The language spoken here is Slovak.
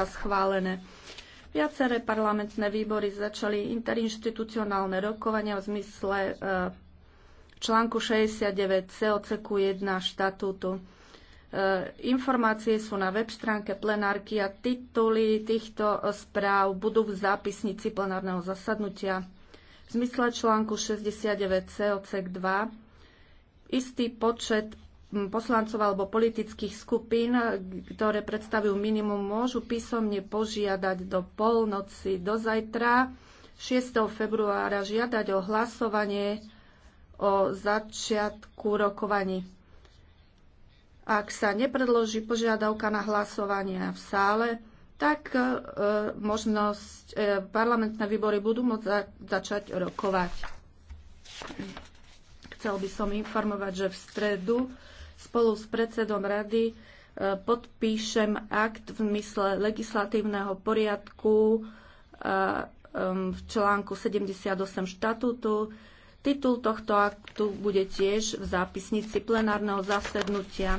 schválené. Viaceré parlamentné výbory začali interinstitucionálne rokovania v zmysle e, článku 69 COCQ 1 štatútu. E, informácie sú na web stránke plenárky a tituly týchto správ budú v zápisnici plenárneho zasadnutia. V zmysle článku 69 COCQ 2 istý počet poslancov alebo politických skupín, ktoré predstavujú minimum, môžu písomne požiadať do polnoci, do zajtra 6. februára žiadať o hlasovanie o začiatku rokovaní. Ak sa nepredloží požiadavka na hlasovanie v sále, tak e, možnosť e, parlamentné výbory budú môcť za, začať rokovať. Chcel by som informovať, že v stredu spolu s predsedom rady e, podpíšem akt v mysle legislatívneho poriadku e, v článku 78 štatútu. Titul tohto aktu bude tiež v zápisnici plenárneho zasednutia.